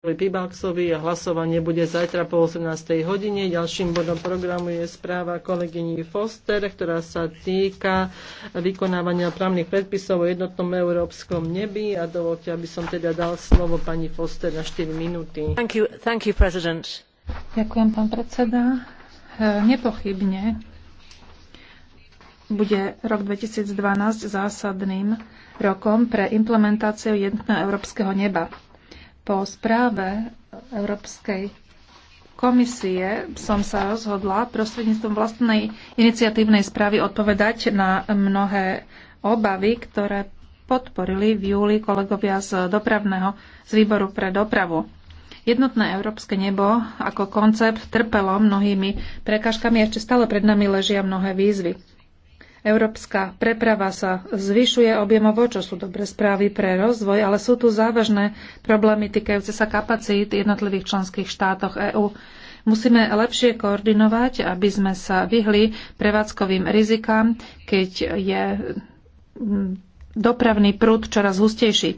Pibalksovi a hlasovanie bude zajtra po 18. hodine. Ďalším bodom programu je správa kolegyni Foster, ktorá sa týka vykonávania právnych predpisov o jednotnom európskom nebi a dovolte, aby som teda dal slovo pani Foster na 4 minúty. Thank you, thank you, president. Ďakujem, pán predseda. E, nepochybne bude rok 2012 zásadným rokom pre implementáciu jednotného európskeho neba. Po správe Európskej komisie som sa rozhodla prostredníctvom vlastnej iniciatívnej správy odpovedať na mnohé obavy, ktoré podporili v júli kolegovia z dopravného z výboru pre dopravu. Jednotné európske nebo ako koncept trpelo mnohými prekažkami a ešte stále pred nami ležia mnohé výzvy. Európska preprava sa zvyšuje objemovo, čo sú dobre správy pre rozvoj, ale sú tu závažné problémy týkajúce sa kapacít jednotlivých členských štátoch EÚ. Musíme lepšie koordinovať, aby sme sa vyhli prevádzkovým rizikám, keď je mm, dopravný prúd čoraz hustejší.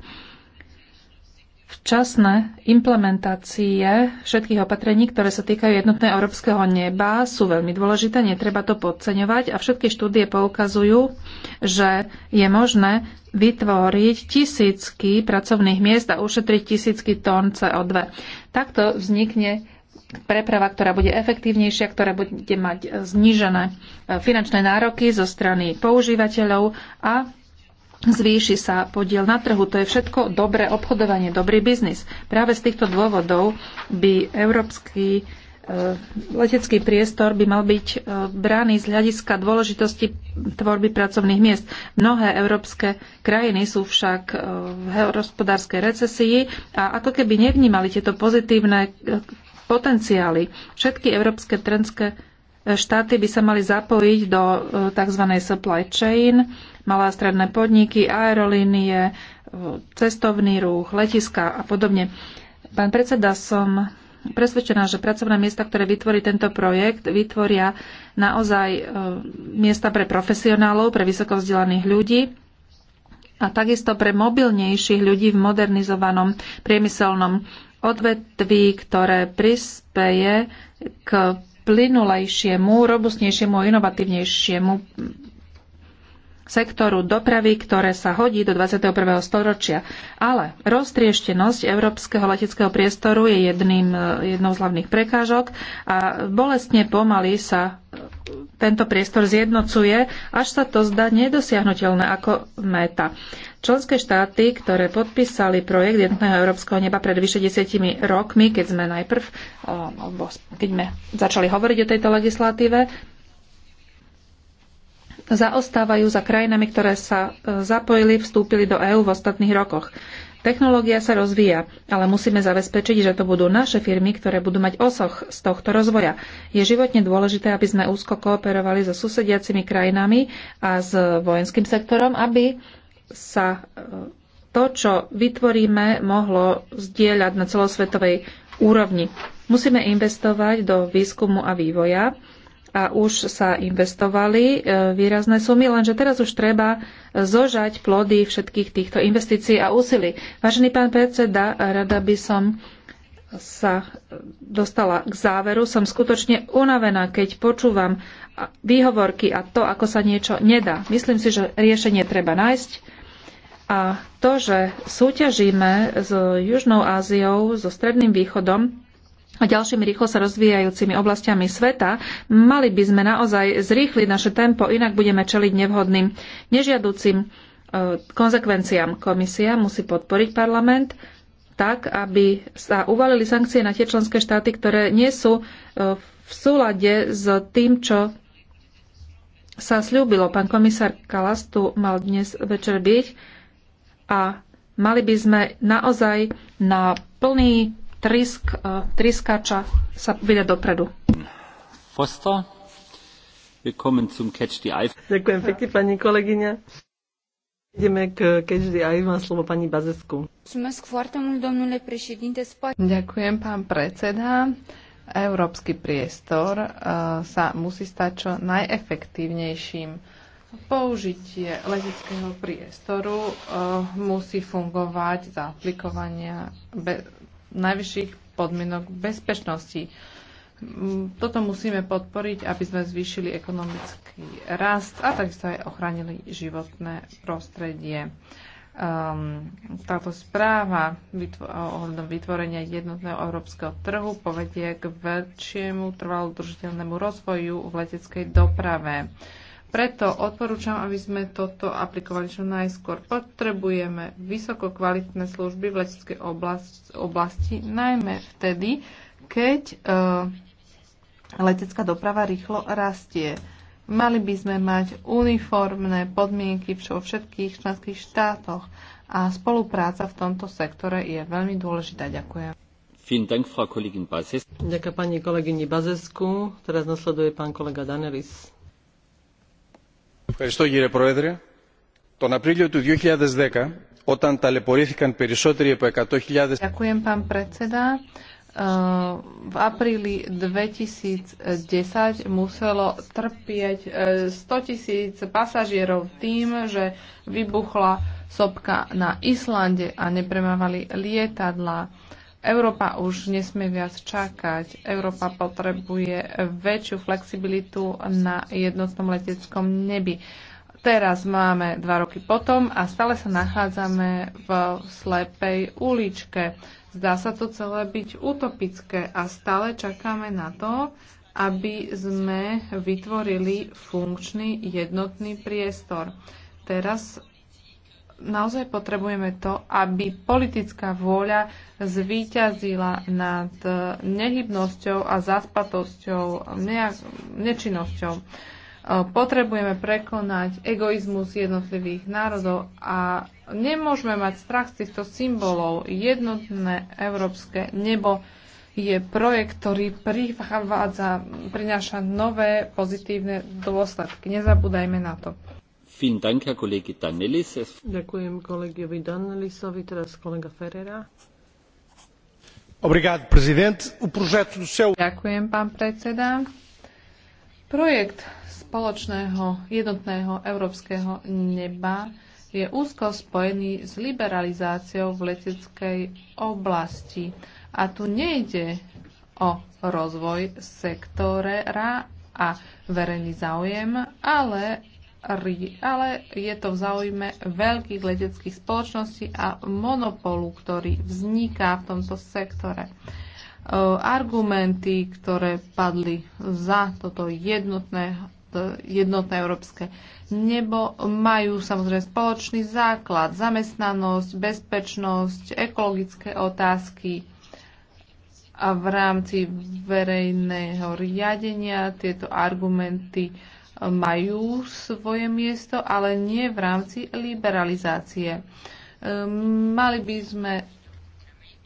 Včasné implementácie všetkých opatrení, ktoré sa týkajú jednotného európskeho neba, sú veľmi dôležité, netreba to podceňovať a všetky štúdie poukazujú, že je možné vytvoriť tisícky pracovných miest a ušetriť tisícky tón CO2. Takto vznikne preprava, ktorá bude efektívnejšia, ktorá bude mať znížené e, finančné nároky zo strany používateľov a zvýši sa podiel na trhu. To je všetko dobré obchodovanie, dobrý biznis. Práve z týchto dôvodov by európsky eh, letecký priestor by mal byť eh, braný z hľadiska dôležitosti tvorby pracovných miest. Mnohé európske krajiny sú však eh, v hospodárskej recesii a ako keby nevnímali tieto pozitívne potenciály. Všetky európske trendské Štáty by sa mali zapojiť do e, tzv. supply chain, malé a stredné podniky, aerolínie, e, cestovný ruch, letiska a podobne. Pán predseda, som presvedčená, že pracovné miesta, ktoré vytvorí tento projekt, vytvoria naozaj e, miesta pre profesionálov, pre vysoko vzdelaných ľudí a takisto pre mobilnejších ľudí v modernizovanom priemyselnom odvetví, ktoré prispeje k plynulejšiemu, robustnejšiemu a inovatívnejšiemu sektoru dopravy, ktoré sa hodí do 21. storočia. Ale roztrieštenosť európskeho leteckého priestoru je jedným, eh, jednou z hlavných prekážok a bolestne pomaly sa tento priestor zjednocuje, až sa to zdá nedosiahnutelné ako meta. Členské štáty, ktoré podpísali projekt jednotného európskeho neba pred vyše desiatimi rokmi, keď sme najprv, alebo keď sme začali hovoriť o tejto legislatíve, zaostávajú za krajinami, ktoré sa e, zapojili, vstúpili do EÚ v ostatných rokoch. Technológia sa rozvíja, ale musíme zabezpečiť, že to budú naše firmy, ktoré budú mať osoch z tohto rozvoja. Je životne dôležité, aby sme úzko kooperovali so susediacimi krajinami a s vojenským sektorom, aby sa e, to, čo vytvoríme, mohlo zdieľať na celosvetovej úrovni. Musíme investovať do výskumu a vývoja, a už sa investovali e, výrazné sumy, lenže teraz už treba zožať plody všetkých týchto investícií a úsilí. Vážený pán predseda, rada by som sa dostala k záveru. Som skutočne unavená, keď počúvam výhovorky a to, ako sa niečo nedá. Myslím si, že riešenie treba nájsť. A to, že súťažíme s Južnou Áziou, so Stredným východom, a ďalšími rýchlo sa rozvíjajúcimi oblastiami sveta, mali by sme naozaj zrýchliť naše tempo, inak budeme čeliť nevhodným, nežiaducim e, konzekvenciám. Komisia musí podporiť parlament tak, aby sa uvalili sankcie na tie členské štáty, ktoré nie sú e, v súlade s tým, čo sa slúbilo. Pán komisár Kalas tu mal dnes večer byť a mali by sme naozaj na plný tryskača e, sa vyda dopredu. Foster. Ďakujem pekne, pani kolegyňa. Ideme k Catch the Eye, má slovo pani Bazesku. Ďakujem, pán predseda. Európsky priestor e, sa musí stať čo najefektívnejším. Použitie leteckého priestoru e, musí fungovať za aplikovania najvyšších podmienok bezpečnosti. Mm, Toto musíme podporiť, aby sme zvýšili ekonomický rast a takisto aj ochránili životné prostredie. Um, táto správa ohľadom vytvorenia jednotného európskeho trhu povedie k väčšiemu trvalo udržiteľnému rozvoju v leteckej doprave. Uh, preto odporúčam, aby sme toto aplikovali čo najskôr. Potrebujeme vysoko kvalitné služby v leteckej oblasti, oblasti najmä vtedy, keď uh, letecká doprava rýchlo rastie. Mali by sme mať uniformné podmienky vo všetkých členských štátoch a spolupráca v tomto sektore je veľmi dôležitá. Ďakujem. Ďakujem pani kolegyni Bazesku. Teraz nasleduje pán kolega Danelis κύριε πρόεδρε τον απρίλιο του όταν ταλαιπωρήθηκαν περισσότεροι από Ďakujem pán predseda. V apríli 2010 muselo trpieť 100 e, tisíc pasažierov tým, že vybuchla sopka na Islande a nepremávali lietadla. Európa už nesmie viac čakať. Európa potrebuje väčšiu flexibilitu na jednotnom leteckom nebi. Teraz máme dva roky potom a stále sa nachádzame v slepej uličke. Zdá sa to celé byť utopické a stále čakáme na to, aby sme vytvorili funkčný jednotný priestor. Teraz naozaj potrebujeme to, aby politická vôľa zvíťazila nad e, nehybnosťou a zaspatosťou, ne- nečinnosťou. E, potrebujeme prekonať egoizmus jednotlivých národov a nemôžeme mať strach z týchto symbolov. Jednotné európske nebo je projekt, ktorý prinaša prináša nové pozitívne dôsledky. Nezabúdajme na to. Ďakujem kolegovi teraz kolega Ferreira. Ďakujem, pán predseda. Projekt spoločného jednotného európskeho neba je úzko spojený s liberalizáciou v leteckej oblasti. A tu nejde o rozvoj sektora a verejný záujem, ale ale je to v záujme veľkých leteckých spoločností a monopolu, ktorý vzniká v tomto sektore. E, argumenty, ktoré padli za toto jednotné, e, jednotné európske nebo, majú samozrejme spoločný základ, zamestnanosť, bezpečnosť, ekologické otázky a v rámci verejného riadenia tieto argumenty majú svoje miesto, ale nie v rámci liberalizácie. Ehm, mali by sme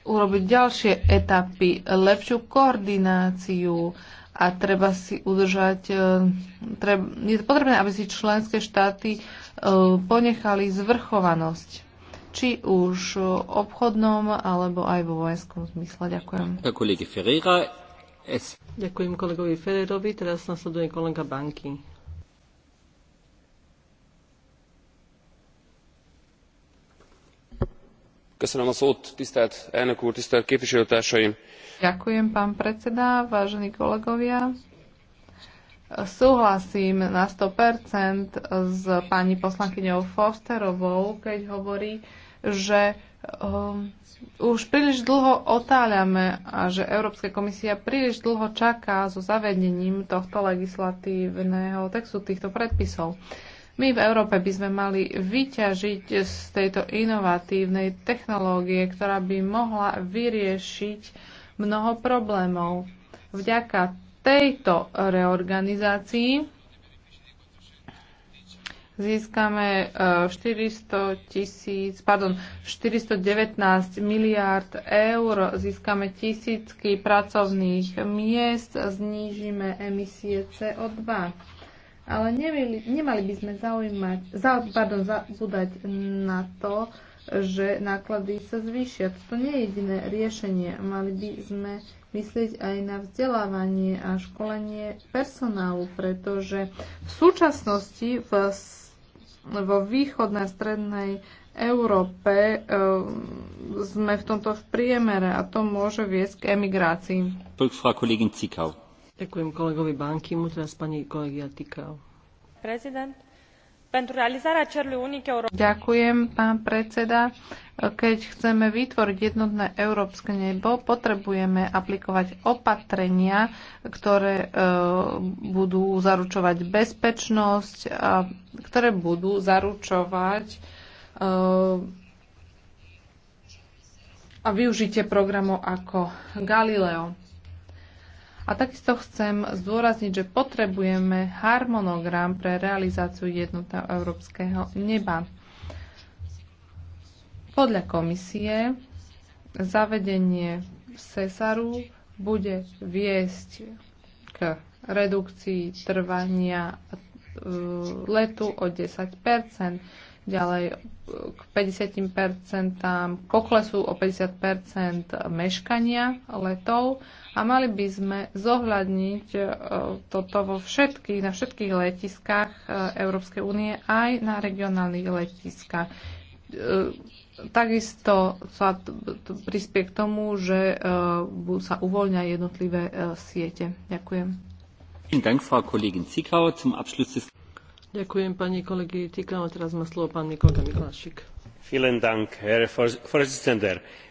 urobiť ďalšie etapy, lepšiu koordináciu a treba si udržať, ehm, treb, je potrebné, aby si členské štáty ehm, ponechali zvrchovanosť či už v obchodnom alebo aj vo vojenskom zmysle. Ďakujem. Ďakujem kolegovi Ferrerovi, teraz nasleduje kolega Banky. ďakujem pán predseda vážení kolegovia súhlasím na 100% s pani poslankyňou fosterovou keď hovorí že um, už príliš dlho otáľame a že európska komisia príliš dlho čaká so zavedením tohto legislatívneho textu týchto predpisov. My v Európe by sme mali vyťažiť z tejto inovatívnej technológie, ktorá by mohla vyriešiť mnoho problémov. Vďaka tejto reorganizácii získame 400 eh, tisíc, pardon, 419 miliárd eur, získame tisícky pracovných miest, znížime emisie CO2. Ale nemali, nemali by sme zaujímať, za, pardon, zabúdať na to, že náklady sa zvýšia. To nie je jediné riešenie. Mali by sme myslieť aj na vzdelávanie a školenie personálu, pretože v súčasnosti v, vo východnej strednej Európe e, sme v tomto v priemere a to môže viesť k emigrácii. Frau Kollegin Zikau. Ďakujem kolegovi Bankimu, teraz pani kolegia Tikal. Prezident, Ďakujem, pán predseda. Keď chceme vytvoriť jednotné európske nebo, potrebujeme aplikovať opatrenia, ktoré e, budú zaručovať bezpečnosť, a ktoré budú zaručovať e, a využitie programov ako Galileo. A takisto chcem zdôrazniť, že potrebujeme harmonogram pre realizáciu jednotného európskeho neba. Podľa komisie zavedenie Cesaru bude viesť k redukcii trvania e, letu o 10 ďalej e, k 50% poklesu o 50% meškania letov a mali by sme zohľadniť e, toto vo všetkých, na všetkých letiskách e, Európskej únie aj na regionálnych letiskách. Takisto sa prispie k tomu, že sa uvoľňa jednotlivé siete. Ďakujem. Vielen Dank, Frau Kollegin Zickauer. Zum Abschluss des Ďakujem pani kolegy Tikal. Teraz má slovo pán kolega Mikulášik.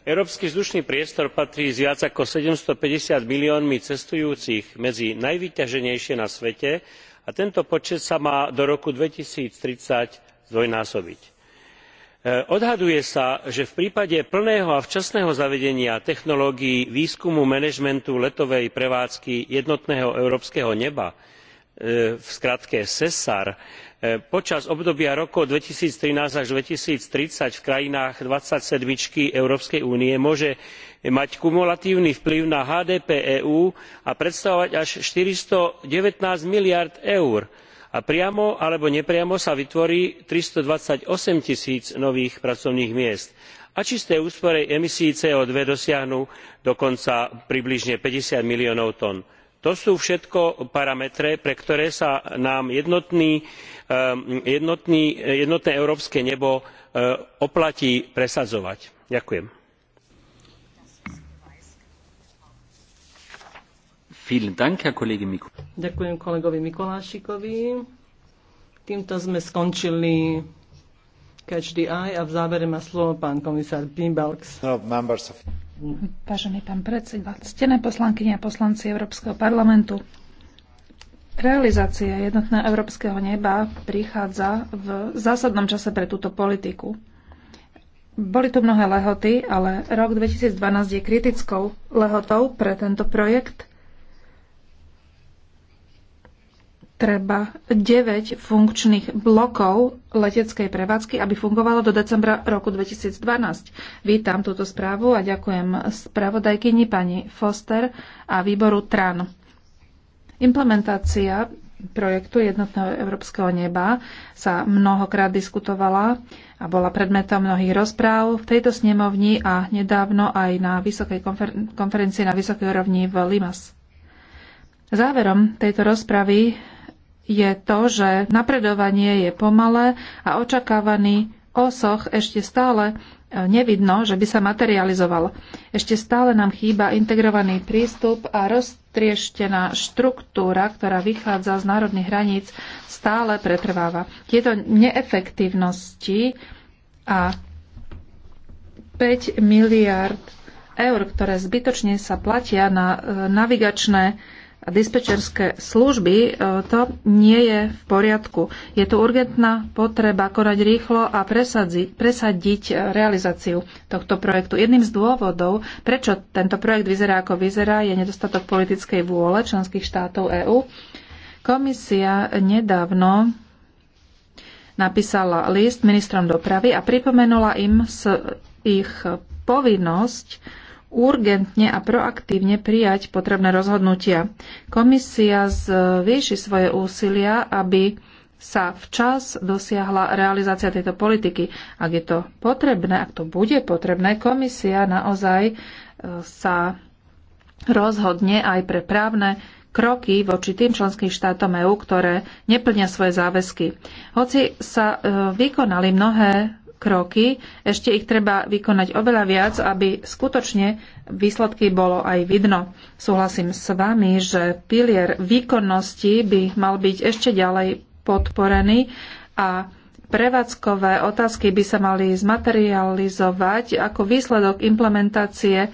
Európsky vzdušný priestor patrí s viac ako 750 miliónmi cestujúcich medzi najvyťaženejšie na svete a tento počet sa má do roku 2030 zdvojnásobiť e, odhaduje sa že v prípade plného a včasného zavedenia technológií výskumu manažmentu letovej prevádzky jednotného európskeho neba E, v skratke sesar e, počas obdobia rokov two thousand and thirteen až two thousand and thirty v krajinách dvadsaťsedmičky európskej únie môže mať kumulatívny vplyv na hdp eú a predstavovať až four hundred and nineteen miliárd eur a priamo alebo nepriamo sa vytvorí three hundred and twenty eight tisíc nových pracovných miest a čisté úspory emisií co two dosiahnu dokonca približne fifty miliónov ton to sú všetko parametre pre ktoré sa nám ehm, jednotné európske nebo e, oplatí presadzovať. ďakujem. ďakujem kolegovi mikolášikovi. týmto sme skončili catch the eye a v závere má slovo pán komisár piebalgs. No, Vážený pán predseda, ctené poslankyne a poslanci Európskeho parlamentu, realizácia jednotného európskeho neba prichádza v zásadnom čase pre túto politiku. Boli tu mnohé lehoty, ale rok 2012 je kritickou lehotou pre tento projekt treba 9 funkčných blokov leteckej prevádzky, aby fungovalo do decembra roku 2012. Vítam túto správu a ďakujem spravodajkyni pani Foster a výboru TRAN. Implementácia projektu jednotného európskeho neba sa mnohokrát diskutovala a bola predmetom mnohých rozpráv v tejto snemovni a nedávno aj na vysokej konfer- konferencii na vysokej úrovni v Limas. Záverom tejto rozpravy je to, že napredovanie je pomalé a očakávaný osoch ešte stále e, nevidno, že by sa materializoval. Ešte stále nám chýba integrovaný prístup a roztrieštená štruktúra, ktorá vychádza z národných hraníc, stále pretrváva. Tieto neefektívnosti a 5 miliard eur, ktoré zbytočne sa platia na e, navigačné dispečerské služby, e, to nie je v poriadku. Je tu urgentná potreba konať rýchlo a presadiť, presadiť realizáciu tohto projektu. Jedným z dôvodov, prečo tento projekt vyzerá ako vyzerá, je nedostatok politickej vôle členských štátov EÚ. Komisia nedávno napísala list ministrom dopravy a pripomenula im ich povinnosť urgentne a proaktívne prijať potrebné rozhodnutia. Komisia zvýši svoje úsilia, aby sa včas dosiahla realizácia tejto politiky. Ak je to potrebné, ak to bude potrebné, komisia naozaj e, sa rozhodne aj pre právne kroky voči tým členským štátom EÚ, ktoré neplnia svoje záväzky. Hoci sa e, vykonali mnohé kroky. Ešte ich treba vykonať oveľa viac, aby skutočne výsledky bolo aj vidno. Súhlasím s vami, že pilier výkonnosti by mal byť ešte ďalej podporený a prevádzkové otázky by sa mali zmaterializovať ako výsledok implementácie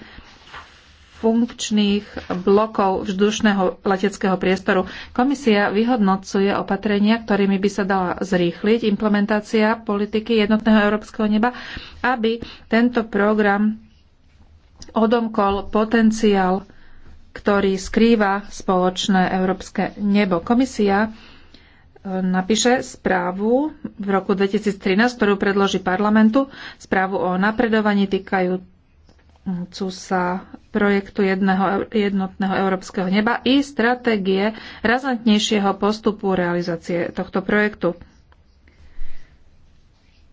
funkčných blokov vzdušného leteckého priestoru. Komisia vyhodnocuje opatrenia, ktorými by sa dala zrýchliť implementácia politiky jednotného európskeho neba, aby tento program odomkol potenciál, ktorý skrýva spoločné európske nebo. Komisia e, napíše správu v roku 2013, ktorú predloží parlamentu, správu o napredovaní týkajú, sa projektu jedného, e- jednotného európskeho neba i stratégie razantnejšieho postupu realizácie tohto projektu.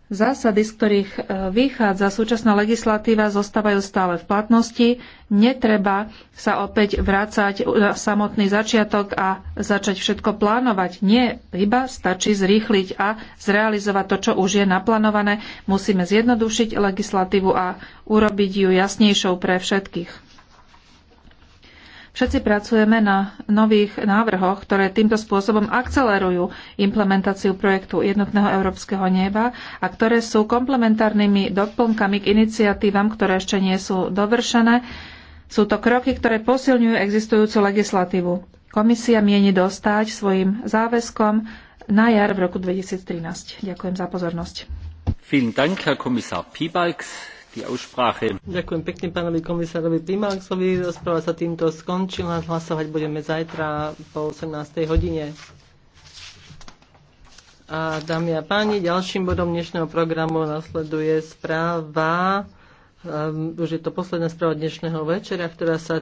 Zásady, z ktorých e, vychádza súčasná legislatíva, zostávajú stále v platnosti. Netreba sa opäť vrácať na samotný začiatok a začať všetko plánovať. Nie, iba stačí zrýchliť a zrealizovať to, čo už je naplánované. Musíme zjednodušiť legislatívu a urobiť ju jasnejšou pre všetkých. Všetci pracujeme na nových návrhoch, ktoré týmto spôsobom akcelerujú implementáciu projektu jednotného európskeho neba a ktoré sú komplementárnymi doplnkami k iniciatívam, ktoré ešte nie sú dovršené. Sú to kroky, ktoré posilňujú existujúcu legislatívu. Komisia mieni dostať svojim záväzkom na jar v roku 2013. Ďakujem za pozornosť. Vielen Dank, Herr Kommissar Piebalgs. Ďakujem pekne pánovi komisárovi Pimaxovi. Rozpráva sa týmto skončila. Hlasovať budeme zajtra po 18. hodine. A dámy a páni, ďalším bodom dnešného programu nasleduje správa, um, už je to posledná správa dnešného večera, ktorá sa